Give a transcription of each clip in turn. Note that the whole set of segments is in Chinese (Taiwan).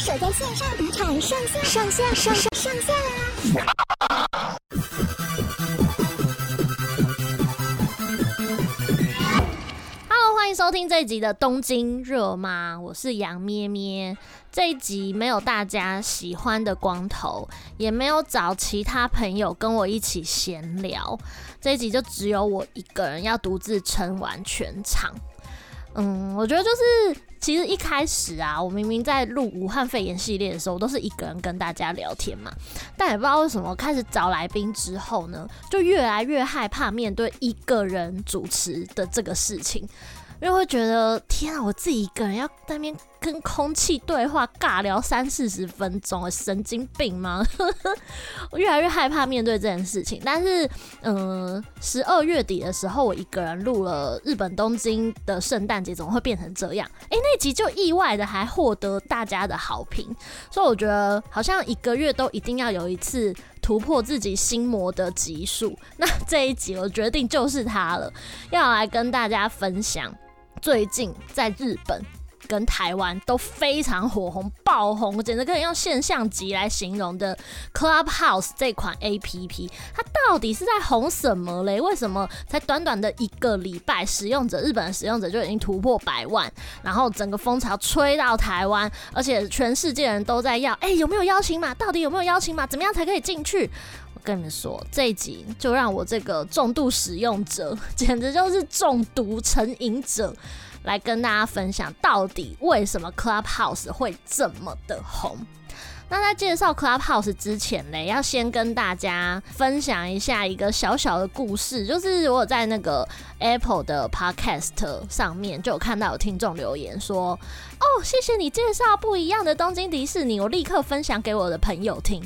守在線上打鏟上下上下上上下啦、啊啊、！Hello，歡迎收聽這一集的《東京熱媽》，我是羊咩咩。這一集沒有大家喜歡的光頭，也沒有找其他朋友跟我一起閒聊，這一集就只有我一個人要獨自撐完全場。嗯，我覺得就是。其實一開始啊，我明明在錄武漢肺炎系列的時候，我都是一個人跟大家聊天嘛。但也不知道為什麼，開始找來賓之後呢，就越來越害怕面對一個人主持的這個事情。因為會覺得天啊，我自己一個人要在那邊跟空氣對話尬聊三四十分鐘，神經病嗎？ 我越來越害怕面對這件事情。但是，嗯、呃，十二月底的時候，我一個人錄了日本東京的聖誕節，怎麼會變成這樣？哎，那集就意外的還獲得大家的好評，所以我覺得好像一個月都一定要有一次突破自己心魔的集數。那這一集我決定就是它了，要來跟大家分享。最近在日本跟台灣都非常火紅、爆紅，簡直可以用現象級來形容的 Clubhouse 這款 APP，它到底是在紅什麼嘞？為什麼才短短的一個禮拜，使用者、日本使用者就已經突破百萬，然後整個風潮吹到台灣，而且全世界人都在要，哎、欸，有沒有邀請碼？到底有沒有邀請碼？怎麼樣才可以進去？跟你們說，這一集就讓我這個重度使用者，簡直就是中毒成癮者，來跟大家分享到底為什麼 Clubhouse 會這麼的紅。那在介紹 Clubhouse 之前呢，要先跟大家分享一下一個小小的故事，就是我在那個 Apple 的 Podcast 上面就有看到有聽眾留言說：“哦，謝謝你介紹不一樣的東京迪士尼，我立刻分享給我的朋友聽。”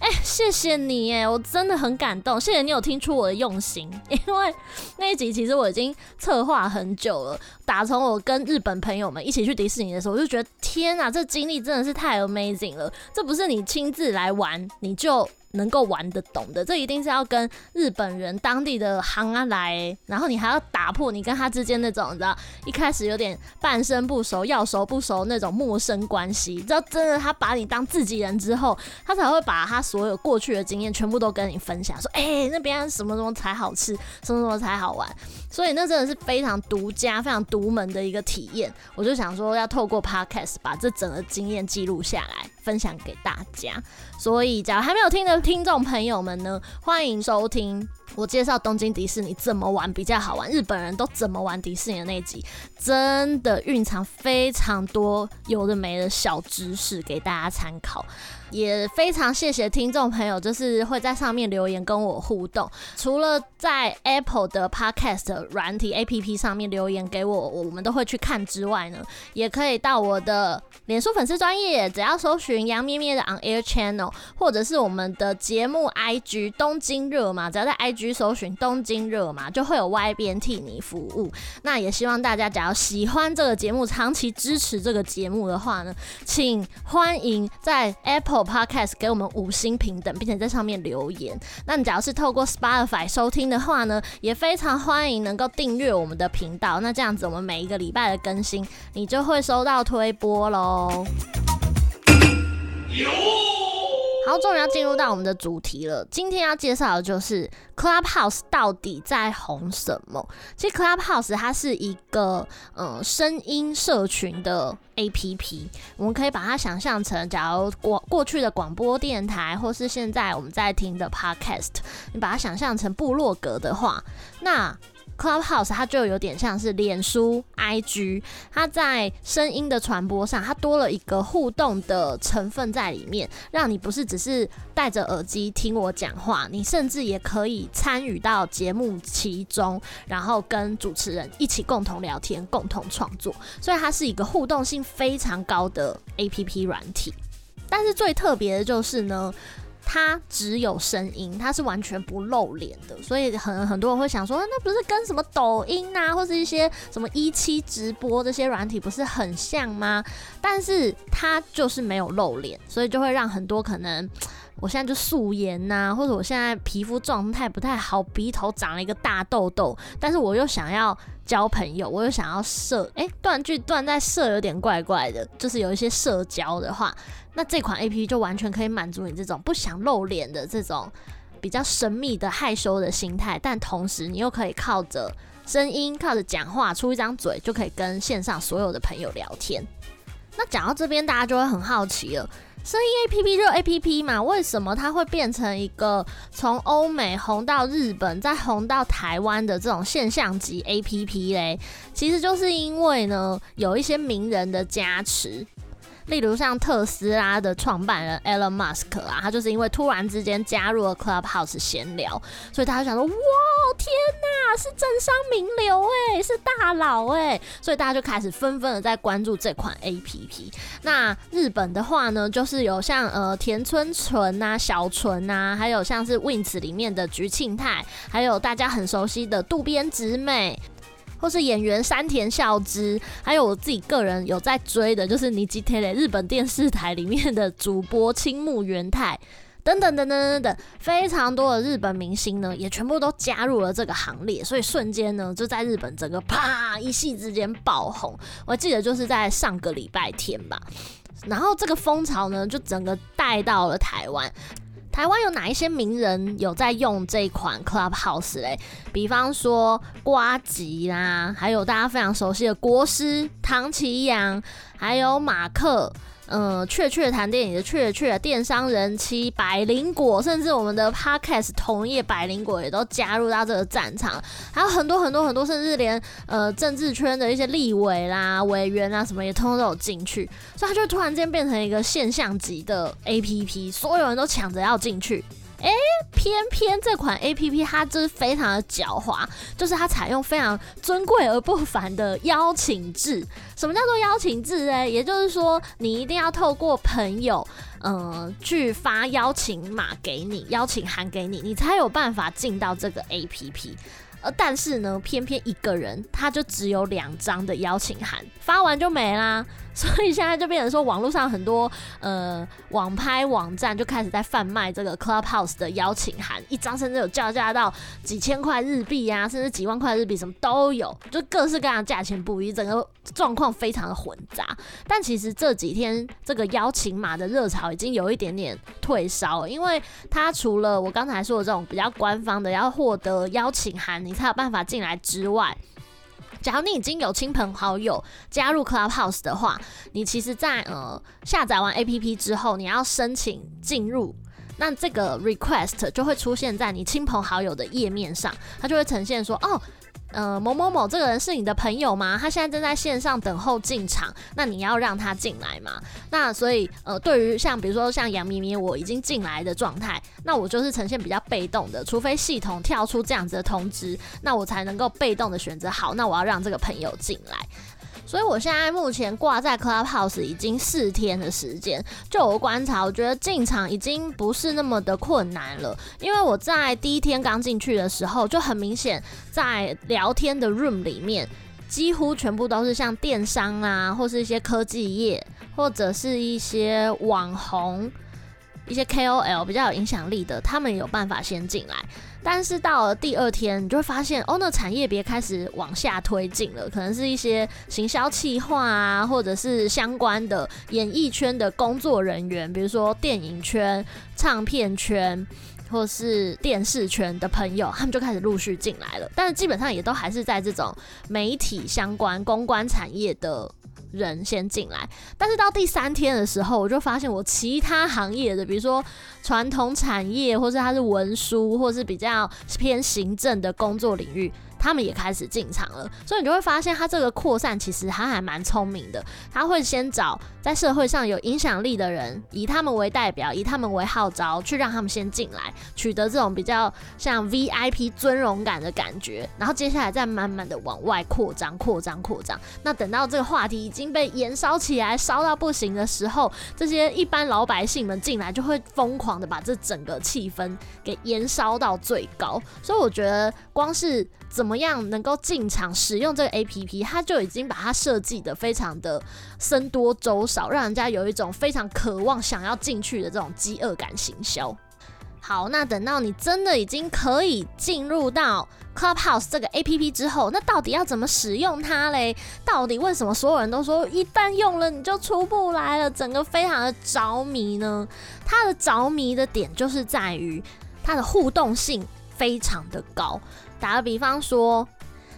哎、欸，謝謝你耶，我真的很感動。謝謝你有聽出我的用心，因為那一集其實我已經策劃很久了。打從我跟日本朋友們一起去迪士尼的時候，我就覺得天哪，這經歷真的是太 amazing 了。這不是你親自來玩，你就。能夠玩得懂的。這一定是要跟日本人當地的行啊來、欸，然後你還要打破你跟他之間那種你知道一開始有點半生不熟，要熟不熟那種陌生關係，你知道，真的他把你當自己人之後，他才會把他所有過去的經驗全部都跟你分享，說哎、欸、那邊什麼什麼才好吃，什麼什麼才好玩，所以那真的是非常獨家、非常獨門的一個體驗。我就想說要透過 Podcast 把這整個經驗記錄下來，分享給大家。所以，假如還沒有聽的聽眾朋友們呢，歡迎收聽我介紹東京迪士尼怎麼玩比較好玩，日本人都怎麼玩迪士尼的那集，真的蘊藏非常多有的沒的小知識給大家參考。也非常謝謝聽眾朋友，就是會在上面留言跟我互動。除了在 Apple 的 Podcast 軟體 APP 上面留言給我，我們都會去看之外呢，也可以到我的臉書粉絲專頁，只要搜尋羊咩咩的 On Air Channel，或者是我們的節目 IG 東京熱嘛，只要在 IG 搜尋東京熱嘛，就會有 Y 編替你服務。那也希望大家，只要喜歡這個節目、長期支持這個節目的話呢，請歡迎在 Apple。Podcast 給我們五星評等，並且在上面留言。那你只要是透過 Spotify 收聽的話呢，也非常歡迎能夠訂閱我們的頻道。那這樣子，我們每一個禮拜的更新，你就會收到推播嘍。然後終於要進入到我們的主題了。今天要介紹的就是 Clubhouse，到底在紅什麼？其實 Clubhouse 它是一個呃聲音社群的 APP，我們可以把它想象成，假如過過去的廣播電台，或是現在我們在聽的 podcast，你把它想象成部落格的話，那。Clubhouse 它就有點像是臉書 IG，它在聲音的傳播上，它多了一個互動的成分在裡面，讓你不是只是戴着耳機聽我講話，你甚至也可以參與到節目其中，然後跟主持人一起共同聊天、共同創作，所以它是一個互動性非常高的 APP 軟體。但是最特別的就是呢。它只有聲音，它是完全不露臉的，所以很很多人會想說，那不是跟什麼抖音啊，或是一些什麼17直播這些軟體不是很像嗎？但是它就是沒有露臉，所以就會讓很多可能。我現在就素顏吶、啊，或者我現在皮膚狀態不太好，鼻頭長了一個大痘痘，但是我又想要交朋友，我又想要社，誒。斷句斷在社有點怪怪的，就是有一些社交的話，那這款 APP 就完全可以滿足你這種不想露臉的這種比較神祕的害羞的心態，但同時你又可以靠着聲音、靠着講話出一張嘴，就可以跟線上所有的朋友聊天。那講到這邊，大家就會很好奇了。聲音 APP 就 APP 嘛，為什麼它會變成一個從歐美紅到日本，再紅到台灣的這種現象級 APP 嘞？其實就是因為呢，有一些名人的加持。例如像特斯拉的創辦人 Elon Musk 啊，他就是因為突然之間加入了 Clubhouse 閒聊，所以他想說：“哇，天哪，是政商名流誒、欸，是大佬誒、欸！”所以大家就開始紛紛的在關注這款 APP。那日本的話呢，就是有像呃田村淳吶、小淳吶、啊，還有像是 Wings 裡面的橘慶太，還有大家很熟悉的渡邊直美。或是演員山田孝之，還有我自己個人有在追的，就是尼基天嘞，日本電視台裡面的主播青木元太等等等等等等，非常多的日本明星呢，也全部都加入了這個行列，所以瞬間呢就在日本整個啪，一夕之間爆紅。我記得就是在上個禮拜天吧，然後這個風潮呢就整個帶到了台灣。台灣有哪一些名人有在用這一款 Clubhouse 咧？比方說呱吉啦，還有大家非常熟悉的國師、唐綺陽，還有馬克。嗯，雀雀談電影的，雀雀，電商人妻百靈果，甚至我們的 Podcast 同業百靈果也都加入到這個戰場，還有很多很多很多，甚至連呃政治圈的一些立委啦、委員啊什麼也通通都有進去，所以它就突然間變成一個現象級的 app，所有人都搶着要進去。哎，偏偏、欸、這款 A P P 它就是非常的狡猾，就是它採用非常尊貴而不凡的邀請制。什麼叫做邀請制？呢？也就是說你一定要透過朋友，呃，去發邀請碼給你，邀請函給你，你才有辦法進到這個 A P P。而、呃、但是呢，偏偏一個人他就只有兩張的邀請函，發完就沒啦。所以現在就變成說，網絡上很多呃網拍網站就開始在販賣這個 Clubhouse 的邀請函，一張甚至有叫價到幾千塊日幣呀、啊，甚至幾萬塊日幣，什麼都有，就各式各樣的價錢不一，整個狀況非常的混雜。但其實這幾天這個邀請碼的熱潮已經有一點點退燒，因為它除了我剛才說的這種比較官方的，要獲得邀請函你才有辦法進來之外，假如你已經有親朋好友加入 Clubhouse 的話，你其實在呃下載完 APP 之後，你要申請進入，那這個 request 就會出現在你親朋好友的頁面上，它就會呈現說，哦。呃，某某某這個人是你的朋友嗎？他現在正在線上等候進場，那你要讓他進來嗎？那所以，呃，對於像比如說像羊咩咩，我已經進來的狀態，那我就是呈現比較被動的，除非系統跳出這樣子的通知，那我才能夠被動的選擇好，那我要讓這個朋友進來。所以我現在目前掛在 Clubhouse 已經四天的時間，就我觀察，我覺得進場已經不是那麼的困難了。因為我在第一天剛進去的時候，就很明顯在聊天的 room 裡面，幾乎全部都是像電商啊，或是一些科技業，或者是一些網紅、一些 KOL 比較有影響力的，他們有辦法先進來。但是到了第二天，你就會發現，哦，那產業別開始往下推進了，可能是一些行銷企劃啊，或者是相關的演藝圈的工作人員，比如說電影圈、唱片圈或是電視圈的朋友，他們就開始陸續進來了。但是基本上也都還是在這種媒體相關公關產業的。人先進來，但是到第三天的時候，我就發現我其他行業的，比如說傳統產業，或是它是文書，或是比較偏行政的工作領域。他們也開始進場了，所以你就會發現，他這個擴散其實他還蠻聰明的。他會先找在社會上有影響力的人，以他們為代表，以他們為號召，去讓他們先進來，取得這種比較像 VIP 尊榮感的感覺。然後接下來再慢慢的往外擴張，擴張，擴張。那等到這個話題已經被燃燒起來，燒到不行的時候，這些一般老百姓們進來就會瘋狂的把這整個氣氛給燃燒到最高。所以我覺得，光是怎麼樣能夠進場使用這個 APP？它就已經把它設計的非常的僧多粥少，讓人家有一種非常渴望想要進去的這種飢餓感行銷。好，那等到你真的已經可以進入到 Clubhouse 這個 APP 之後，那到底要怎麼使用它嘞？到底為什麼所有人都說一旦用了你就出不來了，整個非常的着迷呢？它的着迷的點就是在於它的互動性非常的高。打個比方說，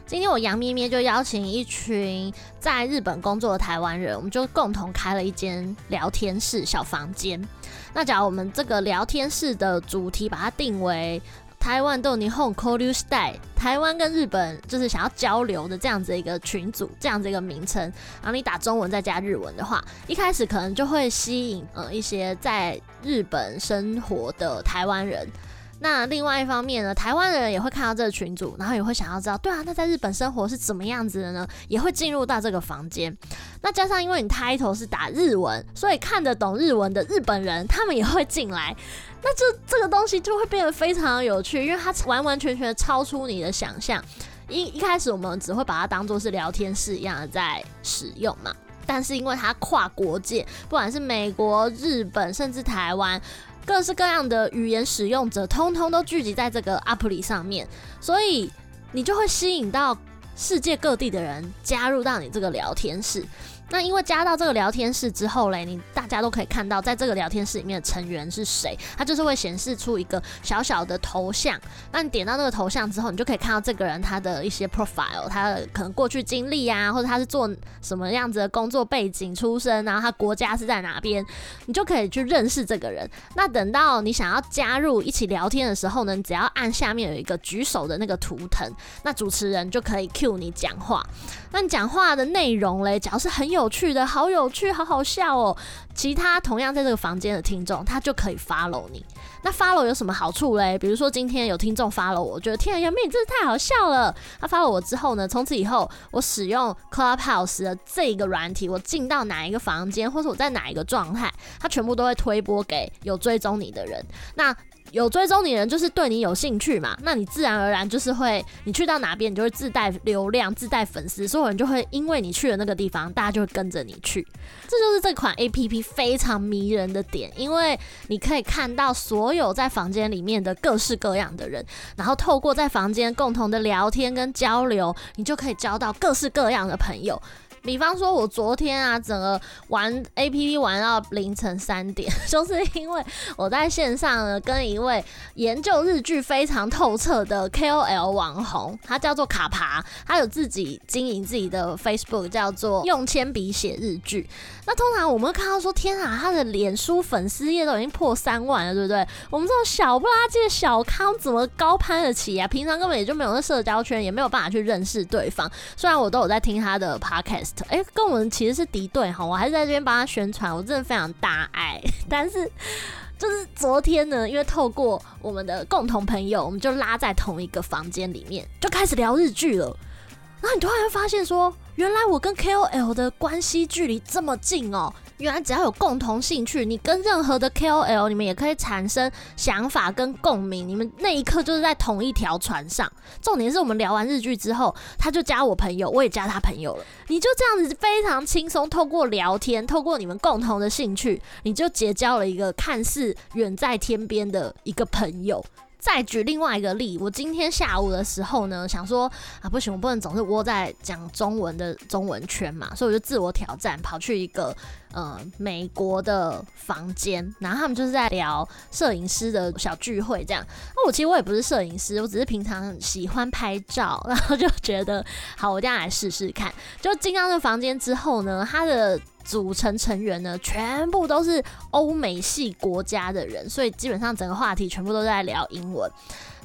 今天我羊咩咩就邀請一群在日本工作的台灣人，我們就共同開了一間聊天室小房間。那假如我們這個聊天室的主題把它定為“台灣逗你 Home Callu Style”，台灣跟日本就是想要交流的這樣子一個群組，這樣子一個名稱。然後你打中文再加日文的話，一開始可能就會吸引呃一些在日本生活的台灣人。那另外一方面呢，台灣的人也會看到這個群組，然後也會想要知道，對啊，那在日本生活是怎麼樣子的呢？也會進入到這個房間。那加上因為你 title 是打日文，所以看得懂日文的日本人，他們也會進來。那這這個東西就會變得非常的有趣，因為它完完全全超出你的想象。一一開始我們只會把它當做是聊天室一樣的在使用嘛，但是因為它跨國界，不管是美國、日本，甚至台灣。各式各樣的語言使用者，通通都聚集在這個 app 裡上面，所以你就會吸引到世界各地的人加入到你這個聊天室。那因為加到這個聊天室之後嘞，你大家都可以看到，在這個聊天室裡面的成員是誰，他就是會顯示出一個小小的頭像。那你點到那個頭像之後，你就可以看到這個人他的一些 profile，他可能過去經歷啊，或者他是做什麼樣子的工作背景、出身啊，然後他國家是在哪邊，你就可以去認識這個人。那等到你想要加入一起聊天的時候呢，你只要按下面有一個舉手的那個圖騰，那主持人就可以 cue 你講話。那你講話的內容嘞，假如是很有有趣的，好有趣，好好笑哦！其他同樣在這個房間的聽眾，他就可以 follow 你。那 follow 有什麼好處嘞？比如說今天有聽眾 follow 我，我覺得天啊，羊咩咩，真是太好笑了！他 follow 我之後呢，從此以後我使用 Clubhouse 的這個軟體，我進到哪一個房間，或是我在哪一個狀態，他全部都會推播給有追蹤你的人。那有追蹤你的人就是對你有興趣嘛，那你自然而然就是會，你去到哪邊你就會自帶流量、自帶粉絲，所有人就會因為你去了那個地方，大家就會跟着你去。這就是這款 APP 非常迷人的點，因為你可以看到所有在房間裡面的各式各樣的人，然後透過在房間共同的聊天跟交流，你就可以交到各式各樣的朋友。比方說，我昨天啊，整個玩 A P P 玩到凌晨三點，就是因為我在線上呢跟一位研究日劇非常透徹的 K O L 網紅，他叫做卡帕，他有自己經營自己的 Facebook，叫做用鉛筆寫日劇。那通常我們會看到說，天啊，他的臉書粉絲頁都已經破三萬了，對不對？我們這種小不拉幾的小康怎麼高攀得起啊？平常根本也就沒有那社交圈，也沒有辦法去認識對方。雖然我都有在聽他的 Podcast。哎、欸，跟我們其實是敵對哈，我還是在這邊幫他宣傳，我真的非常大愛。但是，就是昨天呢，因為透過我們的共同朋友，我們就拉在同一個房間裡面，就開始聊日劇了。然後你突然會發現說，原來我跟 KOL 的關係距離這麼近哦！原來只要有共同興趣，你跟任何的 KOL，你們也可以產生想法跟共鳴，你們那一刻就是在同一條船上。重點是我們聊完日劇之後，他就加我朋友，我也加他朋友了。你就這樣子非常輕鬆，透過聊天，透過你們共同的興趣，你就結交了一個看似遠在天邊的一個朋友。再舉另外一個例，我今天下午的時候呢，想說啊，不行，我不能總是窩在講中文的中文圈嘛，所以我就自我挑戰，跑去一個。呃，美國的房間，然後他們就是在聊攝影師的小聚會這樣。那我其實我也不是攝影師，我只是平常喜歡拍照，然後就覺得好，我這樣來試試看。就進到這房間之後呢，他的組成成員呢，全部都是歐美系國家的人，所以基本上整個話題全部都在聊英文。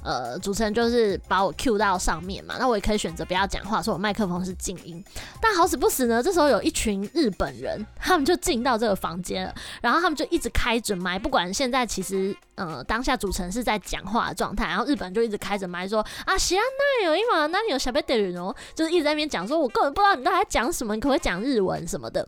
呃，主持人就是把我 cue 到上面嘛，那我也可以選擇不要講話，說我麥克風是靜音。但好死不死呢，這時候有一群日本人，他們就進到這個房間了，然後他們就一直開着麥，不管現在其實呃當下主持人是在講話的狀態，然後日本就一直開着麥說啊，行啊？那有英文？那你有小麼德語哦，就是一直在那邊講，說我根本不知道你到底在講什麼，你可不可以講日文什麼的。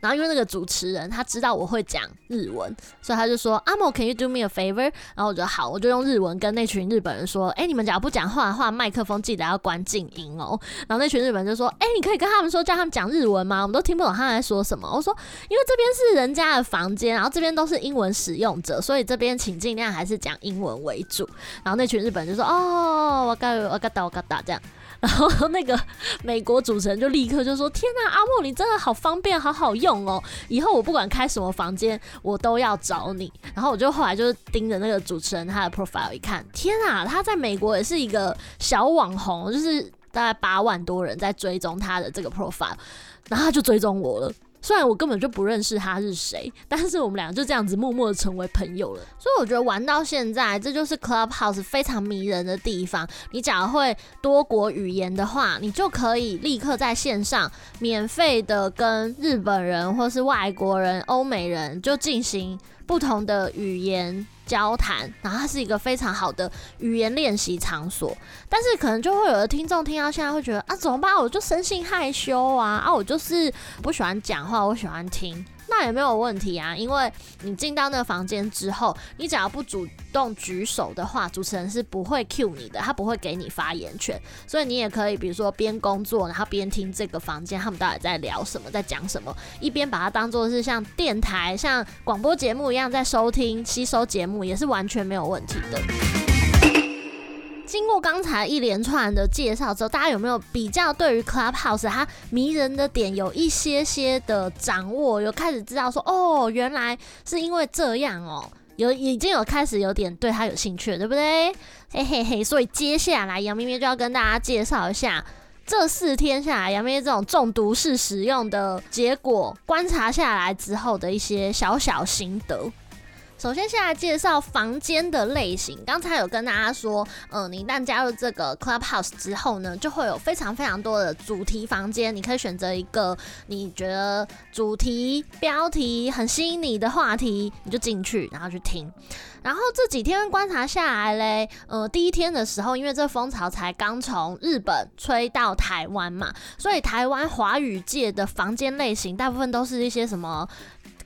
然後因為那個主持人他知道我會講日文，所以他就說：“阿莫，can you do me a favor？” 然後我就好，我就用日文跟那群日本人說：“哎，你們假如不講話的話，麥克風記得要關靜音哦。”然後那群日本人就說：“哎，你可以跟他們說，叫他們講日文嗎？我們都聽不懂他們在說什麼。”我說：“因為這邊是人家的房間，然後這邊都是英文使用者，所以這邊請儘量還是講英文為主。”然後那群日本人就說：“哦，我該，我該打，我該打，這樣。”然後那個美國主持人就立刻就說：“天吶，阿莫你真的好方便，好好用哦！以後我不管開什麼房間，我都要找你。”然後我就後來就是盯着那個主持人他的 profile 一看，天啊，他在美國也是一個小網紅，就是大概八萬多人在追蹤他的這個 profile，然後他就追蹤我了。雖然我根本就不認識他是誰，但是我們倆就這樣子默默地成為朋友了。所以我覺得玩到現在，這就是 Clubhouse 非常迷人的地方。你假如會多國語言的話，你就可以立刻在線上免費的跟日本人或是外國人、歐美人就進行。不同的語言交談，然後它是一個非常好的語言練習場所。但是可能就會有的聽眾聽到現在會覺得啊，怎麼辦？我就生性害羞啊，啊，我就是不喜歡講話，我喜歡聽。那也沒有問題啊，因為你進到那個房間之後，你只要不主動舉手的話，主持人是不會 cue 你的，他不會給你發言權，所以你也可以，比如說邊工作，然後邊聽這個房間他們到底在聊什麼，在講什麼，一邊把它當做是像電台、像廣播節目一樣在收聽、吸收節目，也是完全沒有問題的。經過剛才一連串的介紹之後，大家有沒有比較對於 Clubhouse 它迷人的點有一些些的掌握？有開始知道說，哦，原來是因為這樣哦，有已經有開始有點對他有興趣了，對不對？嘿嘿嘿，所以接下來羊咩咩就要跟大家介紹一下這四天下來羊咩咩這種中毒式使用的結果，觀察下來之後的一些小小心得。首先，先來介紹房間的類型。剛才有跟大家說，呃，你一旦加入這個 Clubhouse 之後呢，就會有非常非常多的主題房間，你可以選擇一個你覺得主題標題很吸引你的話題，你就進去然後去聽。然後這幾天觀察下來嘞，呃，第一天的時候，因為這風潮才剛從日本吹到台灣嘛，所以台灣華語界的房間類型大部分都是一些什麼？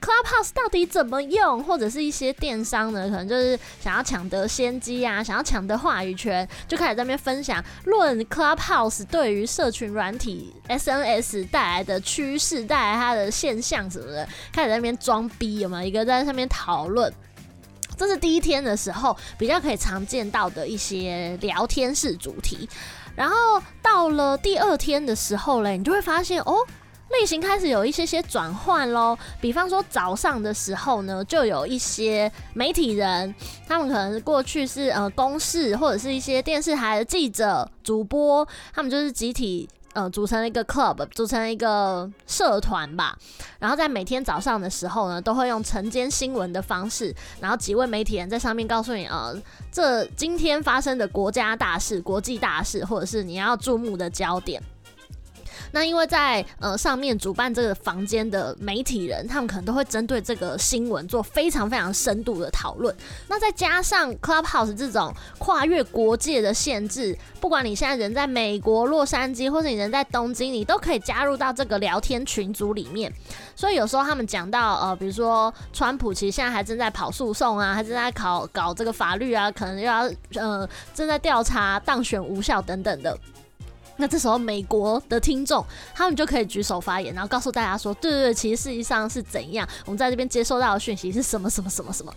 Clubhouse 到底怎麼用，或者是一些電商呢？可能就是想要搶得先機啊，想要搶得話語權，就開始在那邊分享，論 Clubhouse 對於社群軟體 SNS 帶來的趨勢、帶來它的現象什麼的，開始在那邊裝逼。有沒有一個在上面討論？這是第一天的時候比較可以常見到的一些聊天室主題。然後到了第二天的時候呢，你就會發現哦。類型開始有一些些轉換咯比方說早上的時候呢，就有一些媒體人，他們可能過去是呃，公視或者是一些電視台的記者、主播，他們就是集體呃，組成一個 club，組成一個社團吧。然後在每天早上的時候呢，都會用晨間新聞的方式，然後幾位媒體人在上面告訴你，呃，這今天發生的國家大事、國際大事，或者是你要注目的焦點。那因為在呃上面主辦這個房間的媒體人，他們可能都會針對這個新聞做非常非常深度的討論。那再加上 Clubhouse 這種跨越國界的限制，不管你現在人在美國洛杉磯，或者你人在東京，你都可以加入到這個聊天群組裡面。所以有時候他們講到呃，比如說川普其實現在還正在跑訴訟啊，還正在考搞這個法律啊，可能又要呃正在調查當選無效等等的。那這時候，美國的聽眾他們就可以舉手發言，然後告訴大家說：“對對對，其實事實上是怎樣？我們在這邊接受到的訊息是什麼什麼什麼什麼。”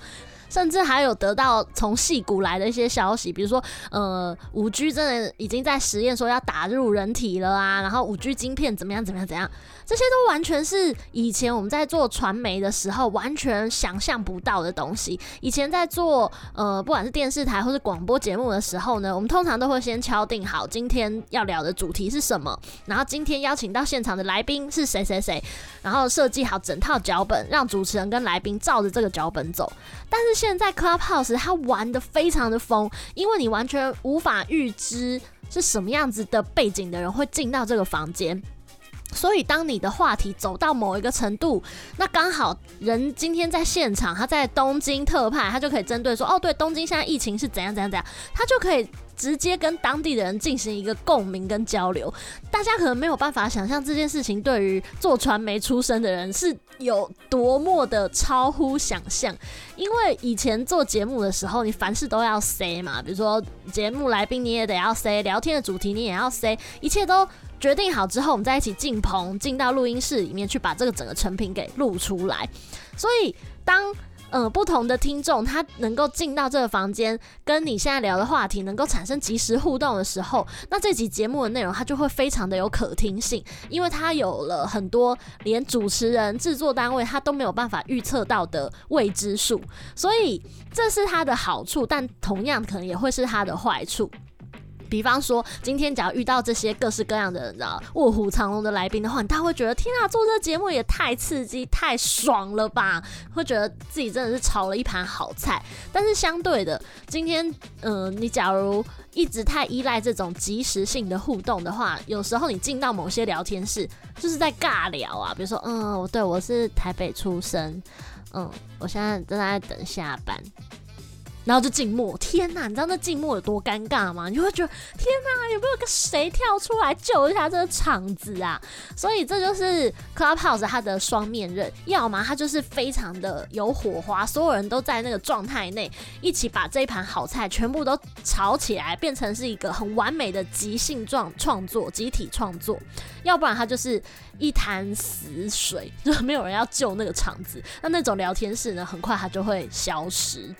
甚至還有得到從矽谷來的一些消息，比如說，呃，5G 真的已經在實驗，說要打入人體了啊，然後 5G 晶片怎麼樣怎麼樣怎麼樣，這些都完全是以前我們在做傳媒的時候完全想象不到的東西。以前在做呃，不管是電視台或是廣播節目的時候呢，我們通常都會先敲定好今天要聊的主題是什麼，然後今天邀請到現場的來賓是誰誰誰，然後設計好整套腳本，讓主持人跟來賓照着這個腳本走，但是，現在 Clubhouse 它玩得非常的瘋，因為你完全無法預知是什麼樣子的背景的人會進到這個房間，所以當你的話題走到某一個程度，那剛好人今天在現場，他在東京特派，他就可以針對說，哦，對，東京現在疫情是怎樣怎樣怎樣，他就可以直接跟當地的人進行一個共鳴跟交流，大家可能沒有辦法想象這件事情對於做傳媒出身的人是。有多麼的超乎想象，因為以前做節目的時候，你凡事都要塞嘛，比如說節目來賓你也得要塞，聊天的主題你也要塞，一切都決定好之後，我們再一起進棚，進到錄音室裡面去把這個整個成品給錄出來，所以當。嗯、呃，不同的聽眾他能夠進到這個房間，跟你現在聊的話題能夠產生即時互動的時候，那這集節目的內容它就會非常的有可聽性，因為它有了很多連主持人、制作單位他都沒有辦法預測到的未知數，所以這是它的好處，但同樣可能也會是它的壞處。比方說，今天假如遇到這些各式各樣的人，知道臥虎藏龍的來賓的話，你大家會覺得天啊，做這個節目也太刺激、太爽了吧？會覺得自己真的是炒了一盤好菜。但是相對的，今天，嗯、呃，你假如一直太依賴這種即時性的互動的話，有時候你進到某些聊天室，就是在尬聊啊。比如說，嗯，對，我是台北出生，嗯，我現在正在等下班。然後就靜默，天哪，你知道那靜默有多尷尬嗎？你就會覺得天哪，有沒有個誰跳出來救一下這個場子啊？所以這就是 Clubhouse 它的雙面刃，要麼它就是非常的有火花，所有人都在那個狀態內，一起把這一盤好菜全部都炒起來，變成是一個很完美的即興狀創作、集體創作；要不然它就是一潭死水，就沒有人要救那個場子。那那種聊天室呢，很快它就會消失。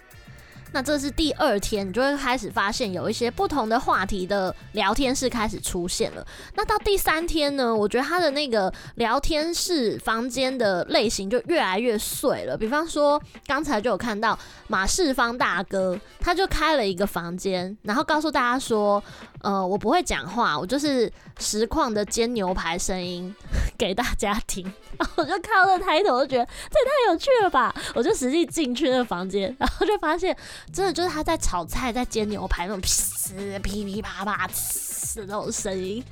那這是第二天，你就會開始發現有一些不同的話題的聊天室開始出現了。那到第三天呢？我覺得他的那個聊天室房間的類型就越來越碎了。比方說，剛才就有看到馬世芳大哥，他就開了一個房間，然後告訴大家說：“呃，我不會講話，我就是實況的煎牛排聲音給大家聽。” 然後我就看到那個抬頭就覺得這也太有趣了吧？我就實際進去那個房間，然後就發現。真的就是他在炒菜，在煎牛排那種噼噼啪啪的那種聲音，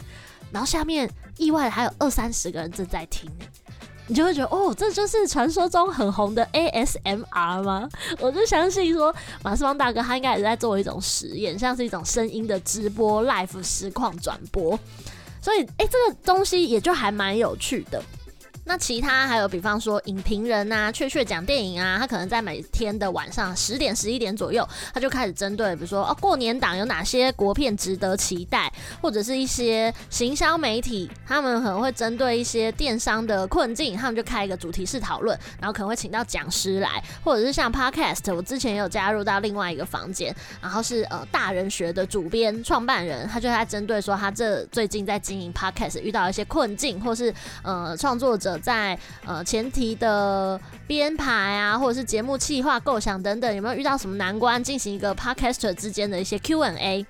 然後下面意外的還有二三十個人正在聽，你就會覺得哦，這就是傳說中很紅的 ASMR 嗎？我就相信說，馬斯邦大哥他應該也在做一種實驗，像是一種聲音的直播 Live 實況轉播，所以誒、欸，這個東西也就還蠻有趣的。那其他還有，比方說影評人吶、啊，雀雀講電影啊，他可能在每天的晚上十點十一點左右，他就開始針對，比如說哦過年檔有哪些國片值得期待，或者是一些行銷媒體，他們可能會針對一些電商的困境，他們就開一個主題式討論，然後可能會請到講師來，或者是像 Podcast，我之前也有加入到另外一個房間，然後是呃大人學的主編創辦人，他就在針對說他這最近在經營 Podcast 遇到一些困境，或是呃創作者。在呃前提的編排啊，或者是節目企劃構想等等，有沒有遇到什麼難關？進行一個 podcaster 之間的一些 Q&A，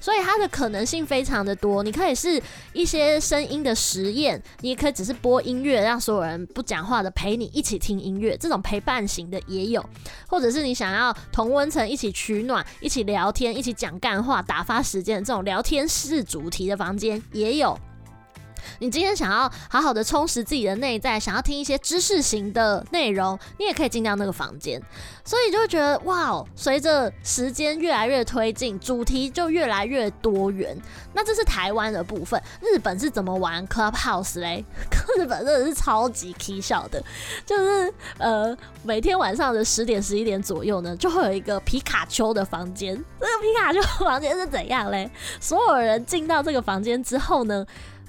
所以它的可能性非常的多。你可以是一些聲音的實驗，你也可以只是播音樂，讓所有人不講話的陪你一起聽音樂。這種陪伴型的也有，或者是你想要同溫層一起取暖、一起聊天、一起講乾話、打發時間的這種聊天室主題的房間也有。你今天想要好好的充實自己的內在，想要聽一些知識型的內容，你也可以進到那個房間。所以就會覺得哇哦，隨着時間越來越推進，主題就越來越多元。那這是台灣的部分，日本是怎麼玩 Clubhouse 嘞？ 日本真的是超級起肖的，就是呃，每天晚上的十點十一點左右呢，就會有一個皮卡丘的房間。這個皮卡丘的房間是怎樣嘞？所有人進到這個房間之後呢？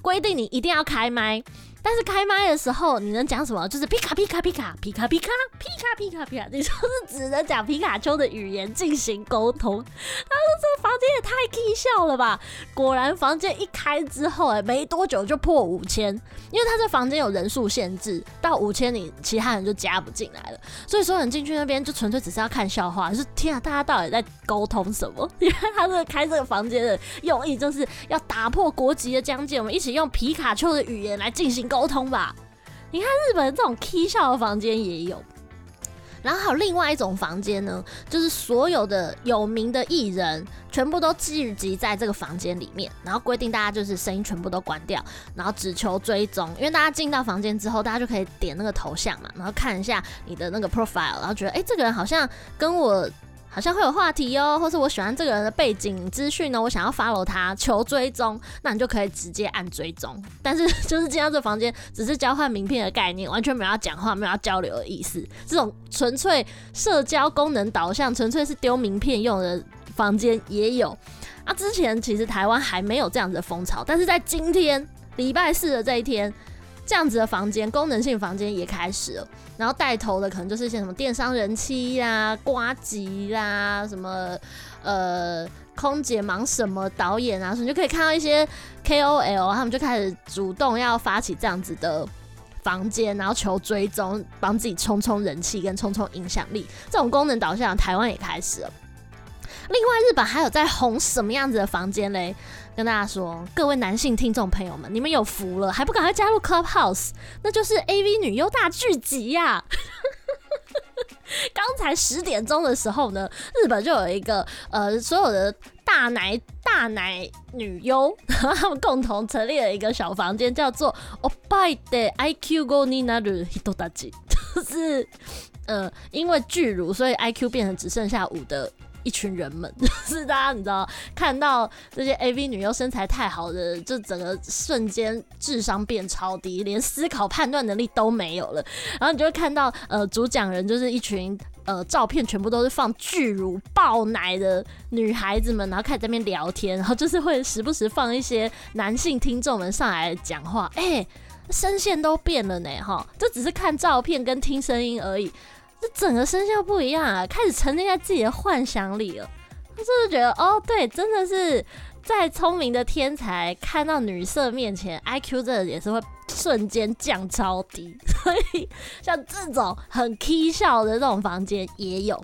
規定你一定要開麥。但是開麥的時候，你能講什麼？就是皮卡皮卡皮卡皮卡皮卡，皮卡皮卡皮卡，皮卡，皮卡，皮卡，皮卡，你就是只能講皮卡丘的語言進行溝通。他說這個房間也太搞笑了吧！果然房間一開之後，欸，哎，沒多久就破五千，因為他這房間有人數限制，到五千你其他人就加不進來了。所以說你進去那邊就純粹只是要看笑話，是天啊，大家到底在溝通什麼？因為他這個開這個房間的用意，就是要打破國籍的疆界，我們一起用皮卡丘的語言來進行溝通。溝通吧，你看日本這種 K show 的房間也有，然後還有另外一種房間呢，就是所有的有名的藝人全部都聚集，集在這個房間裡面，然後規定大家就是聲音全部都關掉，然後只求追蹤，因為大家進到房間之後，大家就可以點那個頭像嘛，然後看一下你的那個 profile，然後覺得哎、欸，這個人好像跟我。好像會有話題哦，或是我喜歡這個人的背景資訊呢，我想要 follow 他，求追蹤，那你就可以直接按追蹤。但是，就是進到這房間只是交換名片的概念，完全沒有要講話、沒有要交流的意思。這種純粹社交功能導向、純粹是丟名片用的房間也有。啊，之前其實台灣還沒有這樣子的風潮，但是在今天禮拜四的這一天。這樣子的房間，功能性房間也開始了。然後帶頭的可能就是一些什麼電商人氣呀、啊、呱吉啦、什麼呃空姐忙什麼、導演啊，麼，就可以看到一些 KOL，他們就開始主動要發起這樣子的房間，然後求追蹤，幫自己衝衝人氣跟衝衝影響力。這種功能導向台灣也開始了。另外，日本還有在紅什麼樣子的房間嘞？跟大家說，各位男性聽眾朋友們，你們有福了，還不趕快加入 Clubhouse？那就是 AV 女優大聚集呀、啊！剛 才十點鐘的時候呢，日本就有一個呃，所有的大奶大奶女優，然後他們共同成立了一個小房間，叫做 Opai de IQ Go Ninaru Hitodaji，就是呃因為巨乳，所以 IQ 變成只剩下五的。一群人們、就是大家，你知道，看到這些 AV 女優身材太好的，就整個瞬間智商變超低，連思考判斷能力都沒有了。然後你就會看到，呃，主講人就是一群，呃，照片全部都是放巨乳、爆奶的女孩子們，然後開始在那邊聊天，然後就是會時不時放一些男性聽眾們上來講話，哎、欸，聲線都變了呢，哈，這只是看照片跟聽聲音而已。整個生肖不一樣啊！開始沉浸在自己的幻想裡了。他就是覺得，哦，對，真的是在聰明的天才看到女色面前，I Q 真的也是會瞬間降超低。所以，像這種很 k 笑的這種房間也有。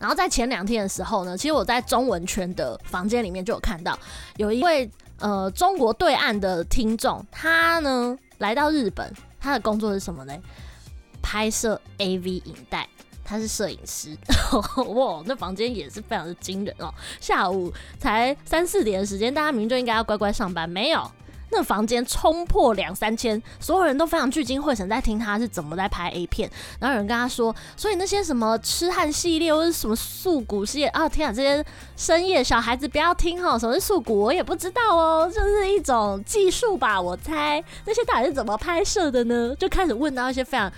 然後在前兩天的時候呢，其實我在中文圈的房間裡面就有看到，有一位呃中國對岸的聽眾，他呢來到日本，他的工作是什麼呢？拍攝 A V 影帶，他是攝影師呵呵。哇，那房間也是非常的驚人哦。下午才三四點的時間，大家明明就應該要乖乖上班，沒有。那房間衝破兩三千，所有人都非常聚精會神在聽他是怎麼在拍 A 片。然後有人跟他說，所以那些什麼痴漢系列，或者什麼素股系列，啊天啊，這些深夜小孩子不要聽哈。什麼是素股，我也不知道哦，這，就是一種技術吧，我猜。那些到底是怎麼拍攝的呢？就開始問到一些非常。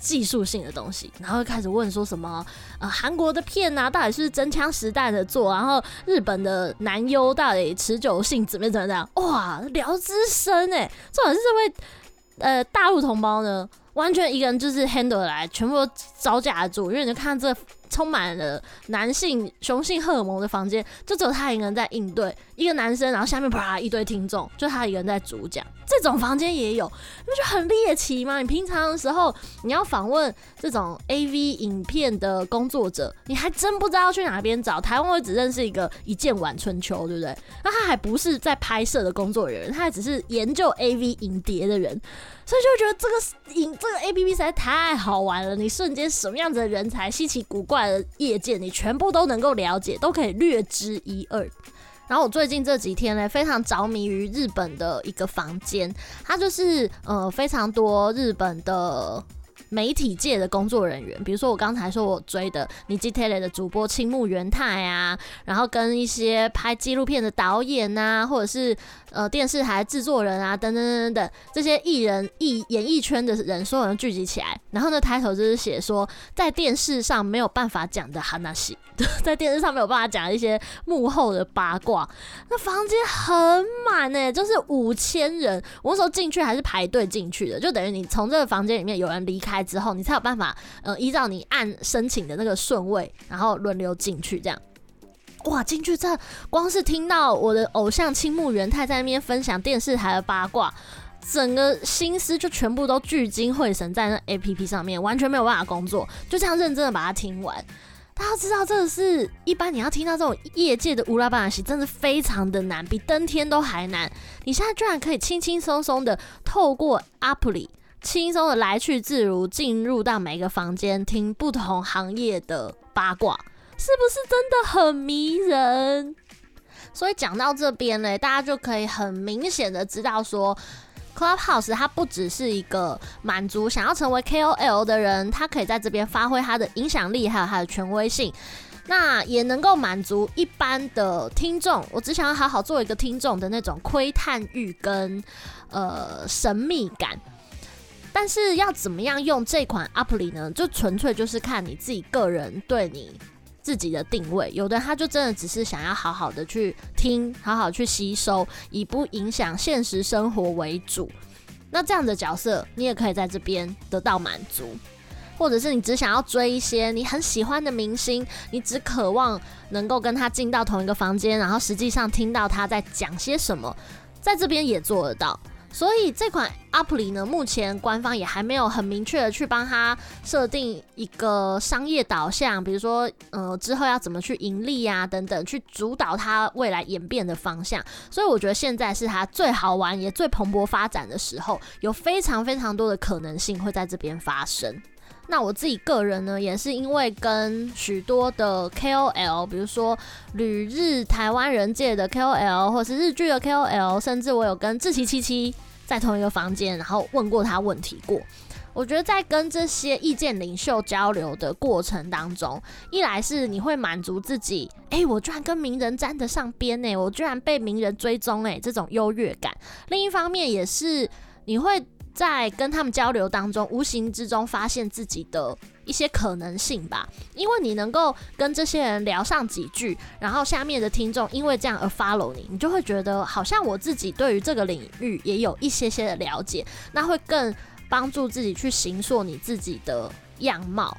技術性的東西，然後開始問說什麼呃韓國的片啊，到底是真槍實彈的做，然後日本的男優到底持久性怎麼怎麼樣？哇，聊資深誒，這好像是這位呃大陸同胞呢，完全一個人就是 handle 來，全部都招架得住，因為你就看這。充滿了男性雄性荷爾蒙的房間，就只有他一個人在應對一個男生，然後下面啪一堆聽眾，就他一個人在主講。這種房間也有，那就很獵奇嘛。你平常的時候你要訪問這種 A V 影片的工作者，你還真不知道去哪邊找。台灣我只認識一個一劍浣春秋，對不對？那他還不是在拍攝的工作人員，他還只是研究 A V 影碟的人，所以就覺得這個影這個 A P P 實在太好玩了。你瞬間什麼樣子的人才稀奇古怪。業界，你全部都能夠了解，都可以略知一二。然後我最近這幾天呢，非常着迷於日本的一個房間，它就是呃非常多日本的。媒體界的工作人員，比如說我剛才說我追的尼基特雷的主播青木元太啊，然後跟一些拍紀錄片的導演啊，或者是呃電視台製作人啊，等等等等等這些藝人藝演藝圈的人，所有人聚集起來，然後呢，抬頭就是寫說在電視上沒有辦法講的哈那西，就在電視上沒有辦法講一些幕後的八卦，那房間很滿呢，就是五千人，我那時候進去還是排隊進去的，就等於你從這個房間裡面有人離開，之後，你才有辦法，呃，依照你按申請的那個順位，然後輪流進去。這樣，哇，進去這光是聽到我的偶像青木元太在那邊分享電視台的八卦，整個心思就全部都聚精會神在那 APP 上面，完全沒有辦法工作。就這樣認真的把它聽完。大家知道，這是，一般你要聽到這種業界的烏拉巴拉西，真的非常的難，比登天都還難。你現在居然可以輕輕松松的透過 apply 輕鬆的來去自如，進入到每個房間，聽不同行業的八卦，是不是真的很迷人？所以講到這邊呢，大家就可以很明顯的知道說，Clubhouse 它不只是一個滿足想要成為 KOL 的人，它可以在這邊發揮它的影響力還有它的權威性，那也能夠滿足一般的聽眾。我只想要好好做一個聽眾的那種窺探慾跟呃神秘感。但是要怎麼樣用這款 Apply 呢？就純粹就是看你自己個人對你自己的定位。有的他就真的只是想要好好的去聽，好好去吸收，以不影響現實生活為主。那這樣的角色，你也可以在這邊得到滿足。或者是你只想要追一些你很喜歡的明星，你只渴望能夠跟他進到同一個房間，然後實際上聽到他在講些什麼，在這邊也做得到。所以這款 App 裡呢，目前官方也還沒有很明確的去幫它設定一個商業導向，比如說，呃，之後要怎麼去盈利啊等等，去主導它未來演變的方向。所以我覺得現在是它最好玩也最蓬勃發展的時候，有非常非常多的可能性會在這邊發生。那我自己個人呢，也是因為跟許多的 KOL，比如說旅日台灣人界的 KOL，或是日劇的 KOL，甚至我有跟志祺七七在同一個房間，然後問過他問題過。我覺得在跟這些意見領袖交流的過程當中，一來是你會滿足自己，誒、欸，我居然跟名人沾得上邊誒、欸，我居然被名人追蹤誒、欸，這種優越感；另一方面也是你會。在跟他們交流當中，無形之中發現自己的一些可能性吧。因為你能夠跟這些人聊上幾句，然後下面的聽眾因為這樣而 follow 你，你就會覺得好像我自己對於這個領域也有一些些的了解，那會更幫助自己去形塑你自己的樣貌。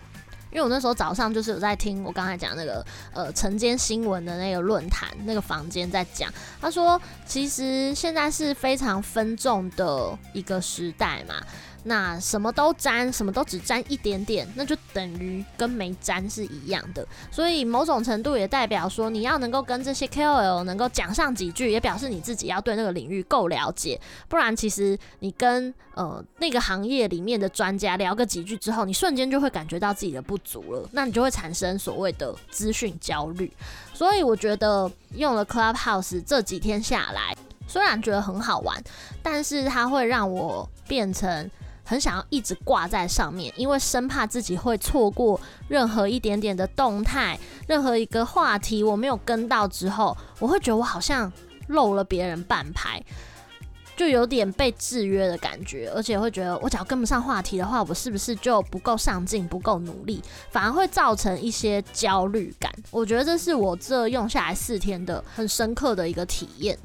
因為我那時候早上就是有在聽我剛才講那個呃晨間新聞的那個論壇，呃、那，那個房間在講，他說其實現在是非常分眾的一個時代嘛。那什麼都沾，什麼都只沾一點點，那就等於跟沒沾是一樣的。所以某種程度也代表說，你要能夠跟這些 KOL 能夠講上幾句，也表示你自己要對那個領域夠了解。不然，其實你跟呃那個行業裡面的專家聊個幾句之後，你瞬間就會感覺到自己的不足了，那你就會產生所謂的資訊焦慮。所以我覺得用了 Clubhouse 這幾天下來，雖然覺得很好玩，但是它會讓我變成。很想要一直掛在上面，因為生怕自己會錯過任何一點點的動態，任何一個話題，我沒有跟到之後，我會覺得我好像漏了別人半拍，就有點被制約的感覺，而且會覺得我只要跟不上話題的話，我是不是就不夠上進、不夠努力，反而會造成一些焦慮感。我覺得這是我這用下來四天的很深刻的一個體驗。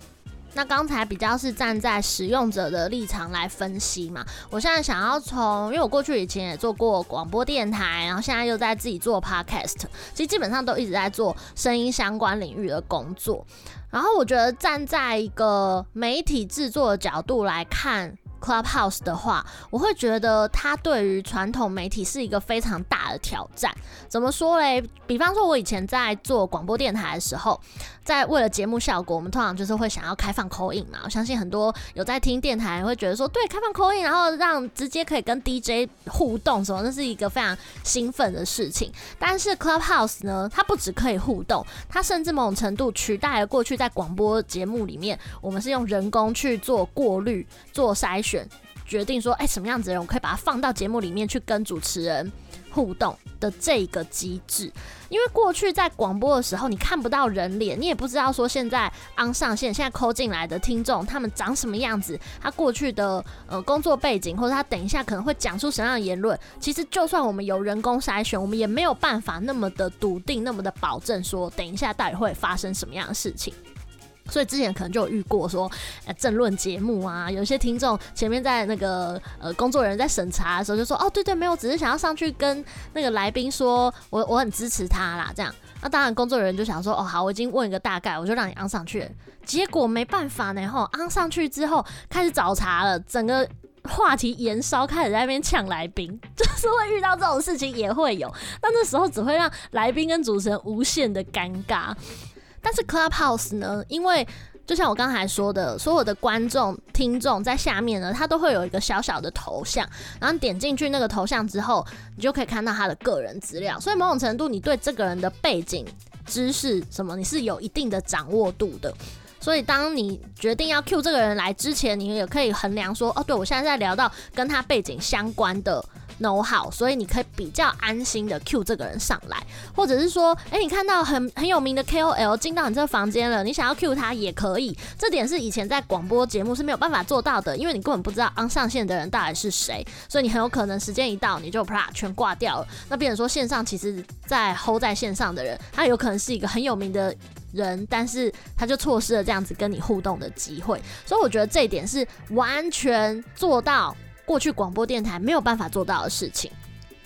那剛才比較是站在使用者的立場來分析嘛，我現在想要從，因為我過去以前也做過廣播電台，然後現在又在自己做 Podcast，其實基本上都一直在做聲音相關領域的工作。然後我覺得站在一個媒體製作的角度來看 Clubhouse 的話，我會覺得它對於傳統媒體是一個非常大的挑戰。怎麼說嘞？比方說，我以前在做廣播電台的時候。在為了節目效果，我們通常就是會想要開放口音嘛。我相信很多有在聽電台，會覺得說，對，開放口音，然後讓直接可以跟 DJ 互動，什麼，那是一個非常興奮的事情。但是 Clubhouse 呢，它不只可以互動，它甚至某種程度取代了過去在廣播節目裡面，我們是用人工去做過濾、做篩選，決定說，哎、欸，什麼樣子的人，我可以把它放到節目裡面去跟主持人。互動的這個機制，因為過去在廣播的時候，你看不到人臉，你也不知道說現在剛上線、現在扣進來的聽眾他們長什麼樣子，他過去的呃工作背景或者他等一下可能會講出什麼樣的言論。其實就算我們有人工篩選，我們也沒有辦法那麼的篤定、那麼的保證說，等一下到底會發生什麼樣的事情。所以之前可能就有遇過說，呃，政論節目啊，有些聽眾前面在那個呃工作人員、呃呃、在審查的時候就說，哦，對對，沒有，只是想要上去跟那個來賓說我我很支持他啦，這樣。那、啊、當然工作人員、呃、就想說，哦，好，我已經問一個大概，我就讓你昂上去了。結果沒辦法，然後昂上去之後開始找茬了，整個話題延燒，開始在那邊嗆來賓，就是會遇到這種事情也會有，但那時候只會讓來賓跟主持人無限的尷尬。但是 Clubhouse 呢？因為就像我剛才說的，所有的觀眾、聽眾在下面呢，他都會有一個小小的頭像，然後點進去那個頭像之後，你就可以看到他的個人資料。所以某種程度，你對這個人的背景、知識什麼，你是有一定的掌握度的。所以當你決定要 cue 這個人來之前，你也可以衡量說：哦對，對我現在在聊到跟他背景相關的。no 好，know how, 所以你可以比較安心的 cue 這個人上來，或者是說，哎、欸，你看到很很有名的 KOL 進到你這個房間了，你想要 cue 他也可以。這點是以前在廣播節目是沒有辦法做到的，因為你根本不知道剛上線的人到底是誰，所以你很有可能時間一到你就啪全掛掉了。那變成說線上其實在 hold 在線上的人，他有可能是一個很有名的人，但是他就錯失了這樣子跟你互動的機會。所以我覺得這一點是完全做到。過去廣播電台沒有辦法做到的事情。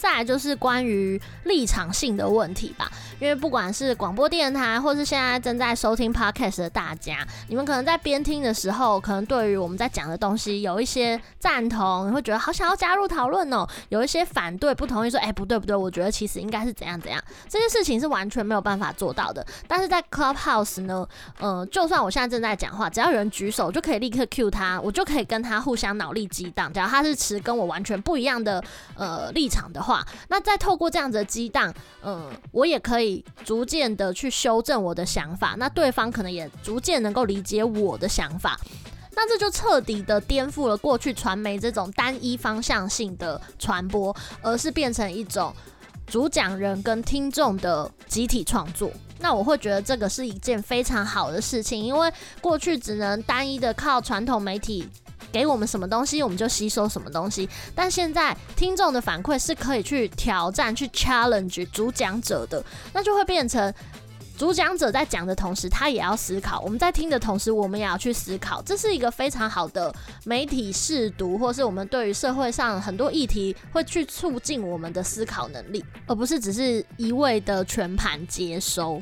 再來就是關於立場性的問題吧，因為不管是廣播電台，或是現在正在收聽 podcast 的大家，你們可能在邊聽的時候，可能對於我們在講的東西有一些贊同，你會覺得好想要加入討論哦；有一些反對，不同意，說哎、欸、不對不對，我覺得其實應該是怎樣怎樣，這些事情是完全沒有辦法做到的。但是在 Clubhouse 呢，呃，就算我現在正在講話，只要有人舉手，就可以立刻 cue 他，我就可以跟他互相腦力激盪，只要他是持跟我完全不一樣的呃立場的話，話，那再透過這樣子的激盪，嗯、呃，我也可以逐漸的去修正我的想法，那對方可能也逐漸能夠理解我的想法，那這就徹底的顛覆了過去傳媒這種單一方向性的傳播，而是變成一種主講人跟聽眾的集體創作。那我會覺得這個是一件非常好的事情，因為過去只能單一的靠傳統媒體。給我們什麼東西，我們就吸收什麼東西。但現在聽眾的反饋是可以去挑戰、去 challenge 主講者的，那就會變成主講者在講的同時，他也要思考；我們在聽的同時，我們也要去思考。這是一個非常好的媒體識讀，或是我們對於社會上很多議題會去促進我們的思考能力，而不是只是一味的全盤接收。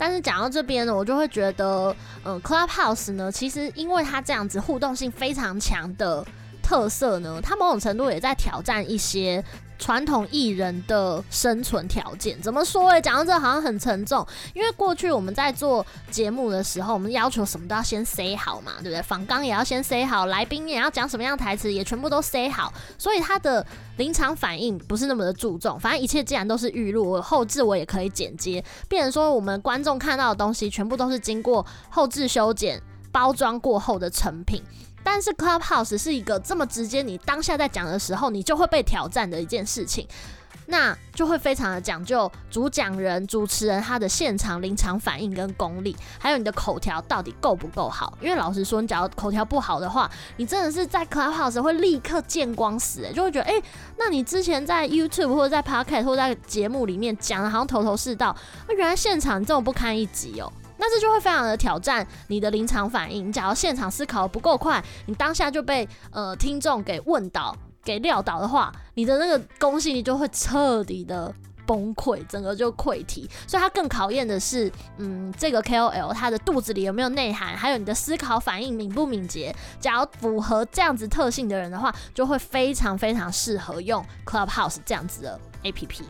但是講到這邊呢，我就會覺得，嗯，Clubhouse 呢，其實因為它這樣子互動性非常強的特色呢，它某種程度也在挑戰一些。傳統藝人的生存條件怎麼說。誒、欸，講到這好像很沉重，因為過去我們在做節目的時候，我們要求什麼都要先 say 好嘛，對不對？訪綱也要先 say 好，來賓也要講什麼樣的台詞，也全部都 say 好，所以他的臨場反應不是那麼的注重。反正一切既然都是預錄，我後製我也可以剪接，變成說我們觀眾看到的東西全部都是經過後製修剪、包裝過後的成品。但是 Clubhouse 是一個這麼直接，你當下在講的時候，你就會被挑戰的一件事情，那就會非常的講究主講人、主持人他的現場臨場反應跟功力，還有你的口條到底夠不夠好。因為老實說，你只要口條不好的話，你真的是在 Clubhouse 會立刻見光死、欸，就會覺得、欸，誒，那你之前在 YouTube 或者在 Podcast 或者在節目裡面講的，好像頭頭是道，原來現場這麼不堪一擊哦。但是就會非常的挑戰你的臨場反應，你假如現場思考不夠快，你當下就被呃聽眾給問倒、給撂倒的話，你的那個公信力就會徹底的崩潰，整個就潰堤。所以它更考驗的是，嗯，這個 KOL 他的肚子裡有沒有內涵，還有你的思考反應敏不敏捷。假如符合這樣子特性的人的話，就會非常非常適合用 Clubhouse 這樣子的 APP。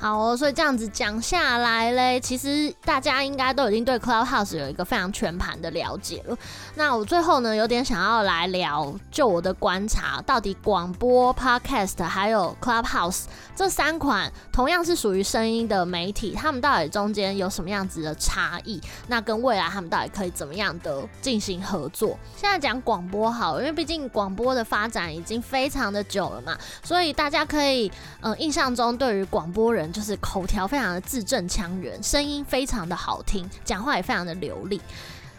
好哦，所以這樣子講下來嘞，其實大家應該都已經對 Clubhouse 有一個非常全盤的了解了。那我最後呢，有點想要來聊，就我的觀察，到底廣播、Podcast 還有 Clubhouse 這三款同樣是屬於聲音的媒體，他們到底中間有什麼樣子的差異？那跟未來他們到底可以怎麼樣的進行合作？現在講廣播好了，因為畢竟廣播的發展已經非常的久了嘛，所以大家可以，嗯、呃，印象中對於廣播人。就是口條非常的字正腔圓，聲音非常的好聽，講話也非常的流利。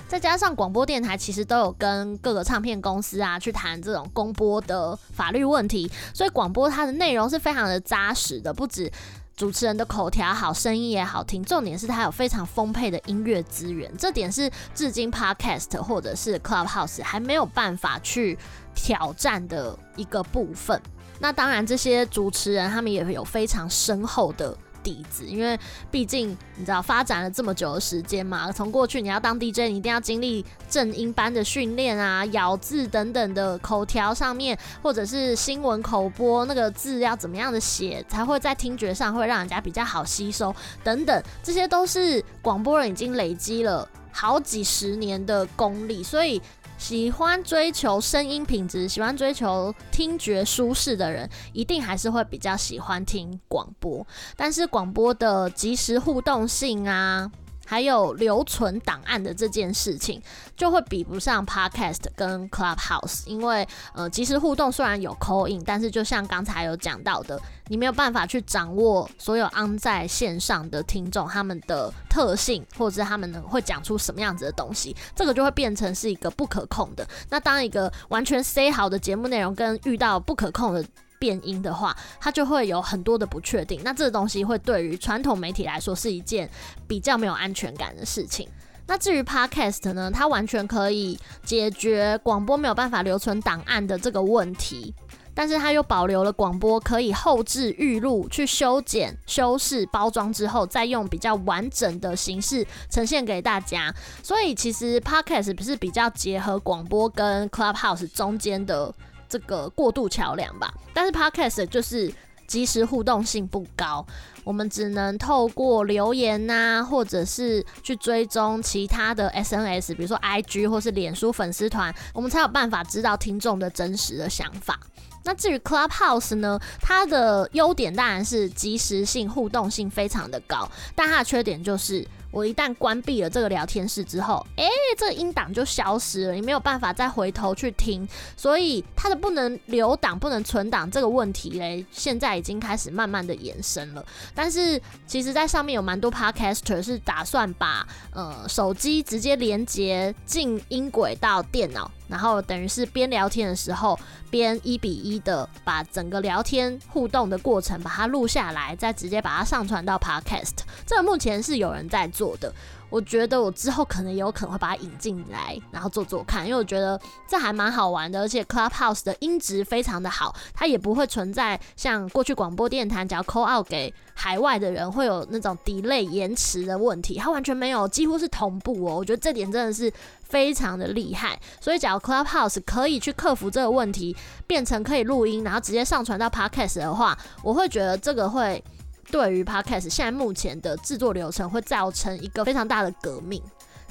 再加上廣播電台其實都有跟各個唱片公司啊去談這種公播的法律問題，所以廣播它的內容是非常的紮實的。不止主持人的口條好，聲音也好聽，重點是它有非常豐沛的音樂資源，這點是至今 Podcast 或者是 Clubhouse 還沒有辦法去挑戰的一個部分。那當然，這些主持人他們也有非常深厚的底子，因為畢竟你知道發展了這麼久的時間嘛。從過去你要當 DJ，你一定要經歷正音班的訓練啊、咬字等等的口條上面，或者是新聞口播那個字要怎麼樣的寫，才會在聽覺上會讓人家比較好吸收等等，這些都是廣播人已經累積了好幾十年的功力，所以。喜歡追求聲音品質、喜歡追求聽覺舒適的人，一定還是會比較喜歡聽廣播。但是廣播的即時互動性啊。還有留存檔案的這件事情，就會比不上 Podcast 跟 Clubhouse，因為呃，即時互動雖然有 call in，但是就像剛才有講到的，你沒有辦法去掌握所有安在線上的聽眾他們的特性，或者是他們能會講出什麼樣子的東西，這個就會變成是一個不可控的。那當一個完全 say 好的節目內容跟遇到不可控的。變音的話，它就會有很多的不確定。那這個東西會對於傳統媒體來說是一件比較沒有安全感的事情。那至於 Podcast 呢，它完全可以解決廣播沒有辦法留存檔案的這個問題，但是它又保留了廣播可以後置預錄、去修剪、修飾、包裝之後，再用比較完整的形式呈現給大家。所以其實 Podcast 不是比較結合廣播跟 Clubhouse 中間的。這個過渡橋樑吧，但是 Podcast 就是即時互動性不高，我們只能透過留言啊，或者是去追蹤其他的 SNS，比如說 IG 或是臉書粉絲團，我們才有辦法知道聽眾的真實的想法。那至於 Clubhouse 呢，它的優點當然是即時性互動性非常的高，但它的缺點就是。我一旦關閉了這個聊天室之後，哎、欸，這個，音檔就消失了，你沒有辦法再回頭去聽。所以它的不能留檔、不能存檔這個問題嘞，現在已經開始慢慢的延伸了。但是其實，在上面有蠻多 Podcaster 是打算把呃手機直接連接進音軌到電腦，然後等於是邊聊天的時候邊一比一的把整個聊天互動的過程把它錄下來，再直接把它上傳到 Podcast。這個目前是有人在做。做的，我覺得我之後可能也有可能會把它引進來，然後做做看，因為我覺得這還蠻好玩的，而且 Clubhouse 的音質非常的好，它也不會存在像過去廣播電台，只要 call out 給海外的人會有那種 delay 延遲的問題，它完全沒有，幾乎是同步哦。我覺得這點真的是非常的厲害，所以假如 Clubhouse 可以去克服這個問題，變成可以錄音，然後直接上傳到 podcast 的話，我會覺得這個會。對於 Podcast 現在目前的製作流程會造成一個非常大的革命。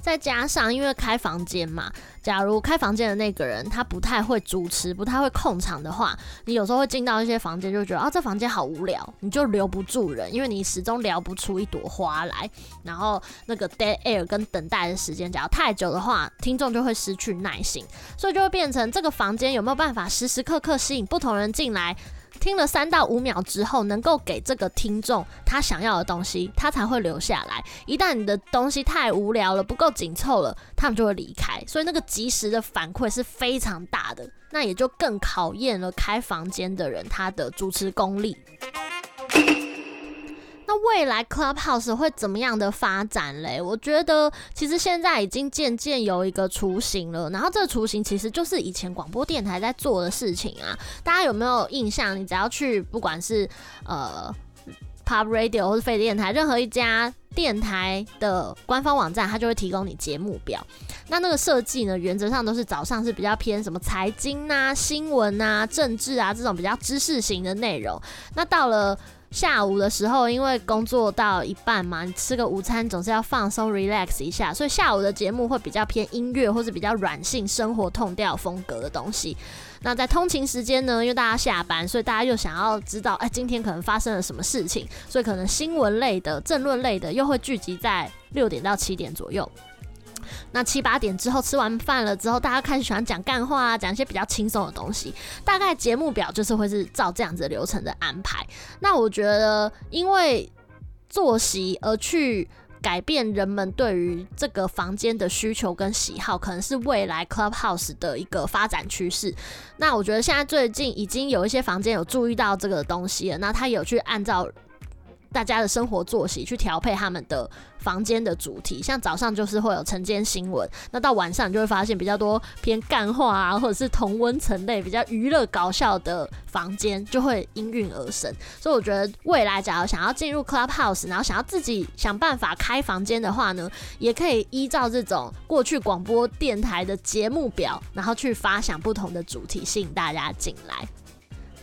再加上，因為開房間嘛，假如開房間的那個人他不太會主持，不太會控場的話，你有時候會進到一些房間就覺得啊，這房間好無聊，你就留不住人，因為你始終聊不出一朵花來。然後那個 dead air 跟等待的時間，假如太久的話，聽眾就會失去耐心，所以就會變成這個房間有沒有辦法時時刻刻吸引不同人進來？聽了三到五秒之後，能夠給這個聽眾他想要的東西，他才會留下來。一旦你的東西太無聊了，不夠緊湊了，他們就會離開。所以那個即時的反饋是非常大的，那也就更考驗了開房間的人他的主持功力。那未來 Clubhouse 會怎麼樣的發展嘞？我覺得其實現在已經漸漸有一個雛形了。然後這個雛形其實就是以前廣播電台在做的事情啊。大家有沒有印象？你只要去，不管是呃 Pop Radio 或是飛碟電台，任何一家電台的官方網站，它就會提供你節目表。那那個設計呢，原則上都是早上是比較偏什麼財經啊、新聞啊、政治啊這種比較知識型的內容。那到了下午的時候，因為工作到一半嘛，你吃個午餐總是要放鬆、relax 一下，所以下午的節目會比較偏音樂，或者比較軟性、生活 tone 調風格的東西。那在通勤時間呢，因為大家下班，所以大家又想要知道，哎、欸，今天可能發生了什麼事情，所以可能新聞類的、政論類的又會聚集在六點到七點左右。那七八點之後吃完飯了之後，大家開始喜歡講乾話，啊，講一些比較輕鬆的東西。大概節目表就是會是照這樣子的流程的安排。那我覺得，因為作息而去改變人們對於這個房間的需求跟喜好，可能是未來 Clubhouse 的一個發展趨勢。那我覺得現在最近已經有一些房間有注意到這個東西了，那他有去按照。大家的生活作息去調配他們的房間的主題，像早上就是會有晨間新聞，那到晚上你就會發現比較多偏乾話啊，或者是同溫層類比較娛樂搞笑的房間就會應運而生。所以我覺得未來，假如想要進入 Clubhouse，然後想要自己想辦法開房間的話呢，也可以依照這種過去廣播電台的節目表，然後去發想不同的主題，吸引大家進來。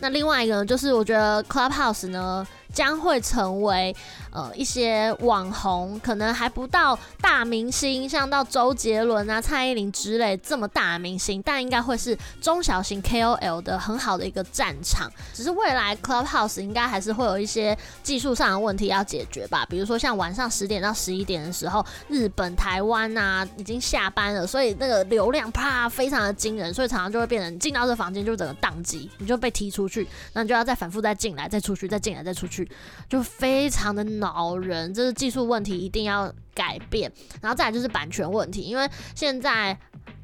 那另外一個呢，就是我覺得 Clubhouse 呢。將會成為呃一些網紅，可能還不到大明星，像到周杰倫啊、蔡依林之類這麼大明星，但應該會是中小型 KOL 的很好的一個戰場。只是未來 Clubhouse 應該還是會有一些技術上的問題要解決吧，比如說像晚上十點到十一點的時候，日本、台灣啊已經下班了，所以那個流量啪非常的驚人，所以常常就會變成你進到這房間就整個宕機，你就被踢出去，那你就要再反覆再進來、再出去、再進來、再出去。就非常的惱人，這是技術問題，一定要改變。然後再來就是版權問題，因為現在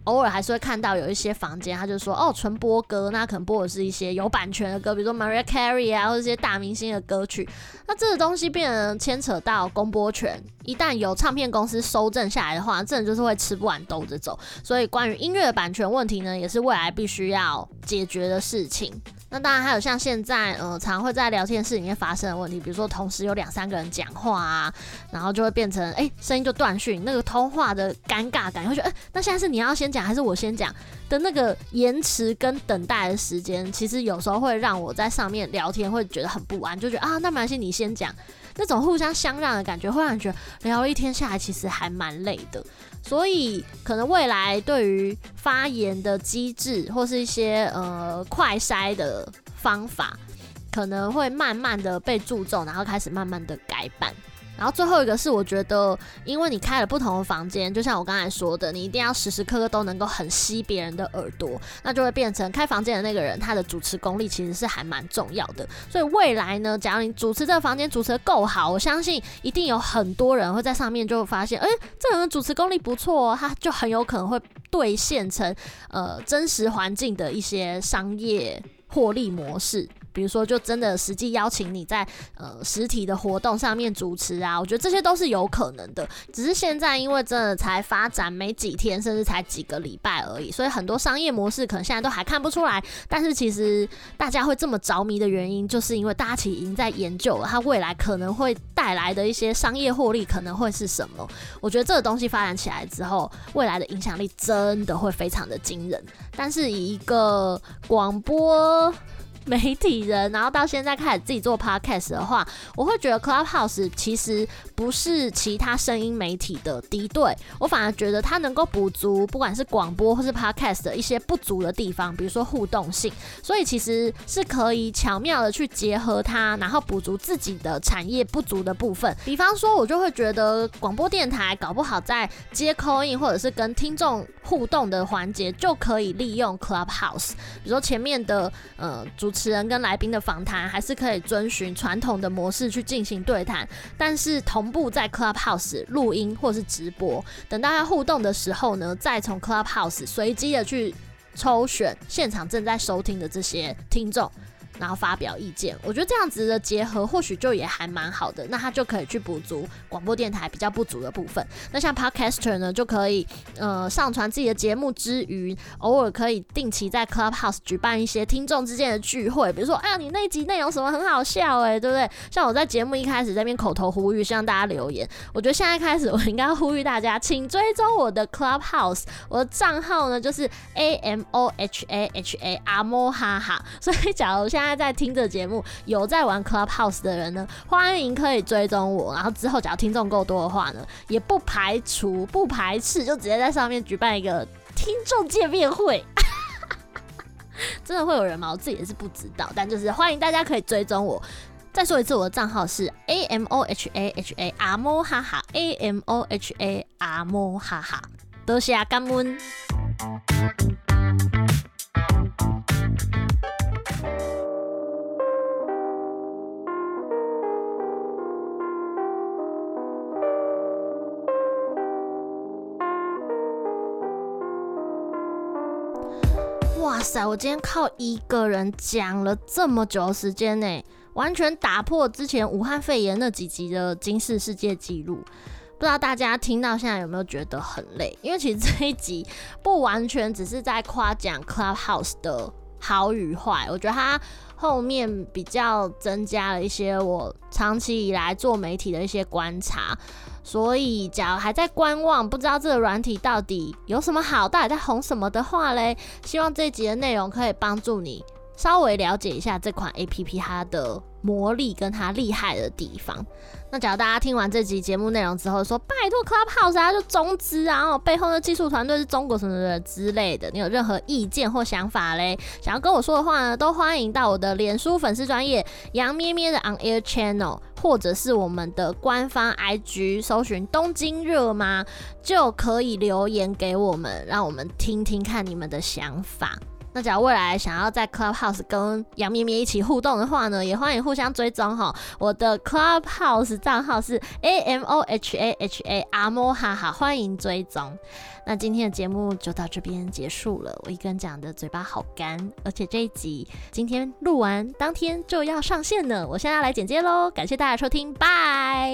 偶爾還是會看到有一些房間，他就說哦純播歌，那可能播的是一些有版權的歌，比如說 Mariah Carey 啊，或者一些大明星的歌曲。那這個東西變得牽扯到公播權，一旦有唱片公司搜證下來的話，這人就是會吃不完兜着走。所以關於音樂的版權問題呢，也是未來必須要解決的事情。那當然，還有像現在，呃，常常會在聊天室裡面發生的問題，比如說同時有兩三個人講話啊，然後就會變成，欸，聲音就斷訊，那個通話的尷尬感，會覺得，欸，那現在是你要先講，還是我先講的那個延遲跟等待的時間，其實有時候會讓我在上面聊天會覺得很不安，就覺得啊，那沒關係，你先講。那種互相相讓的感覺，會讓你覺得聊一天下來其實還蠻累的。所以可能未來對於發言的機制，或是一些呃快篩的方法，可能會慢慢的被注重，然後開始慢慢的改版。然後最後一個是，我覺得，因為你開了不同的房間，就像我剛才說的，你一定要時時刻刻都能夠很吸別人的耳朵，那就會變成開房間的那個人他的主持功力其實是還蠻重要的。所以未來呢，只要你主持這個房間主持得夠好，我相信一定有很多人會在上面就會發現，哎，這人的主持功力不錯哦，他就很有可能會兌現成呃真實環境的一些商業獲利模式。比如說，就真的實際邀請你在呃實體的活動上面主持啊，我覺得這些都是有可能的。只是現在因為真的才發展沒幾天，甚至才幾個禮拜而已，所以很多商業模式可能現在都還看不出來。但是其實大家會這麼着迷的原因，就是因為大家其實已經在研究了它未來可能會帶來的一些商業獲利可能會是什麼。我覺得這個東西發展起來之後，未來的影響力真的會非常的驚人。但是以一個廣播媒體人，然後到現在開始自己做 podcast 的話，我會覺得 Clubhouse 其實不是其他聲音媒體的敵對，我反而覺得它能夠補足不管是廣播或是 podcast 的一些不足的地方，比如說互動性，所以其實是可以巧妙的去結合它，然後補足自己的產業不足的部分。比方說，我就會覺得廣播電台搞不好在接 call in 或者是跟聽眾互動的環節，就可以利用 Clubhouse，比如說前面的呃主。主持人跟來賓的訪談還是可以遵循傳統的模式去進行對談，但是同步在 Clubhouse 錄音或是直播，等大家互動的時候呢，再從 Clubhouse 隨機的去抽選現場正在收聽的這些聽眾。然後發表意見，我覺得這樣子的結合或許就也還蠻好的。那他就可以去補足廣播電台比較不足的部分。那像 Podcaster 呢，就可以呃上傳自己的節目之餘，偶爾可以定期在 Clubhouse 舉辦一些聽眾之間的聚會。比如說，哎呀，你那集內容什麼很好笑哎，欸，對不對？像我在節目一開始這邊口頭呼籲，希望大家留言。我覺得現在開始，我應該呼籲大家，請追蹤我的 Clubhouse。我的賬號呢就是 A M O H A H A 阿莫哈哈。所以假如現在。大家在聽着節目，有在玩 Clubhouse 的人呢，歡迎可以追蹤我。然後之後，只要聽眾夠多的話呢，也不排除、不排斥，就直接在上面舉辦一個聽眾見面會。真的會有人嗎？我自己也是不知道。但就是歡迎大家可以追蹤我。再說一次，我的賬號是 A M O H A H A 阿摩哈哈 A M O H A 阿摩哈哈。多謝感恩。我今天靠一個人講了這麼久時間呢、欸，完全打破之前武漢肺炎那幾集的金氏世界紀錄。不知道大家聽到現在有沒有覺得很累？因為其實這一集不完全只是在誇獎 Clubhouse 的好與壞，我覺得它後面比較增加了一些我長期以來做媒體的一些觀察。所以，假如還在觀望，不知道這個軟體到底有什麼好，到底在紅什麼的話嘞，希望這集的內容可以幫助你稍微了解一下這款 APP 它的魔力跟他厲害的地方。那假如大家聽完這集節目內容之後說，說拜托 Clubhouse 啊，就中資啊，然後背後的技術團隊是中國什麼什麼之類的，你有任何意見或想法咧？想要跟我說的話呢，都歡迎到我的臉書粉絲專頁羊咩咩的 On Air Channel，或者是我們的官方 IG 搜尋“東京熱”嗎，就可以留言給我們，讓我們聽聽看你們的想法。那假如未來想要在 Clubhouse 跟羊咩咩一起互動的話呢，也歡迎互相追蹤哈、喔。我的 Clubhouse 賬號是 A M O H A H A 阿摩哈哈，歡迎追蹤。那今天的節目就到這邊結束了，我一個人講的嘴巴好乾，而且這一集今天錄完，當天就要上線了。我現在要來剪接嘍，感謝大家收聽，拜。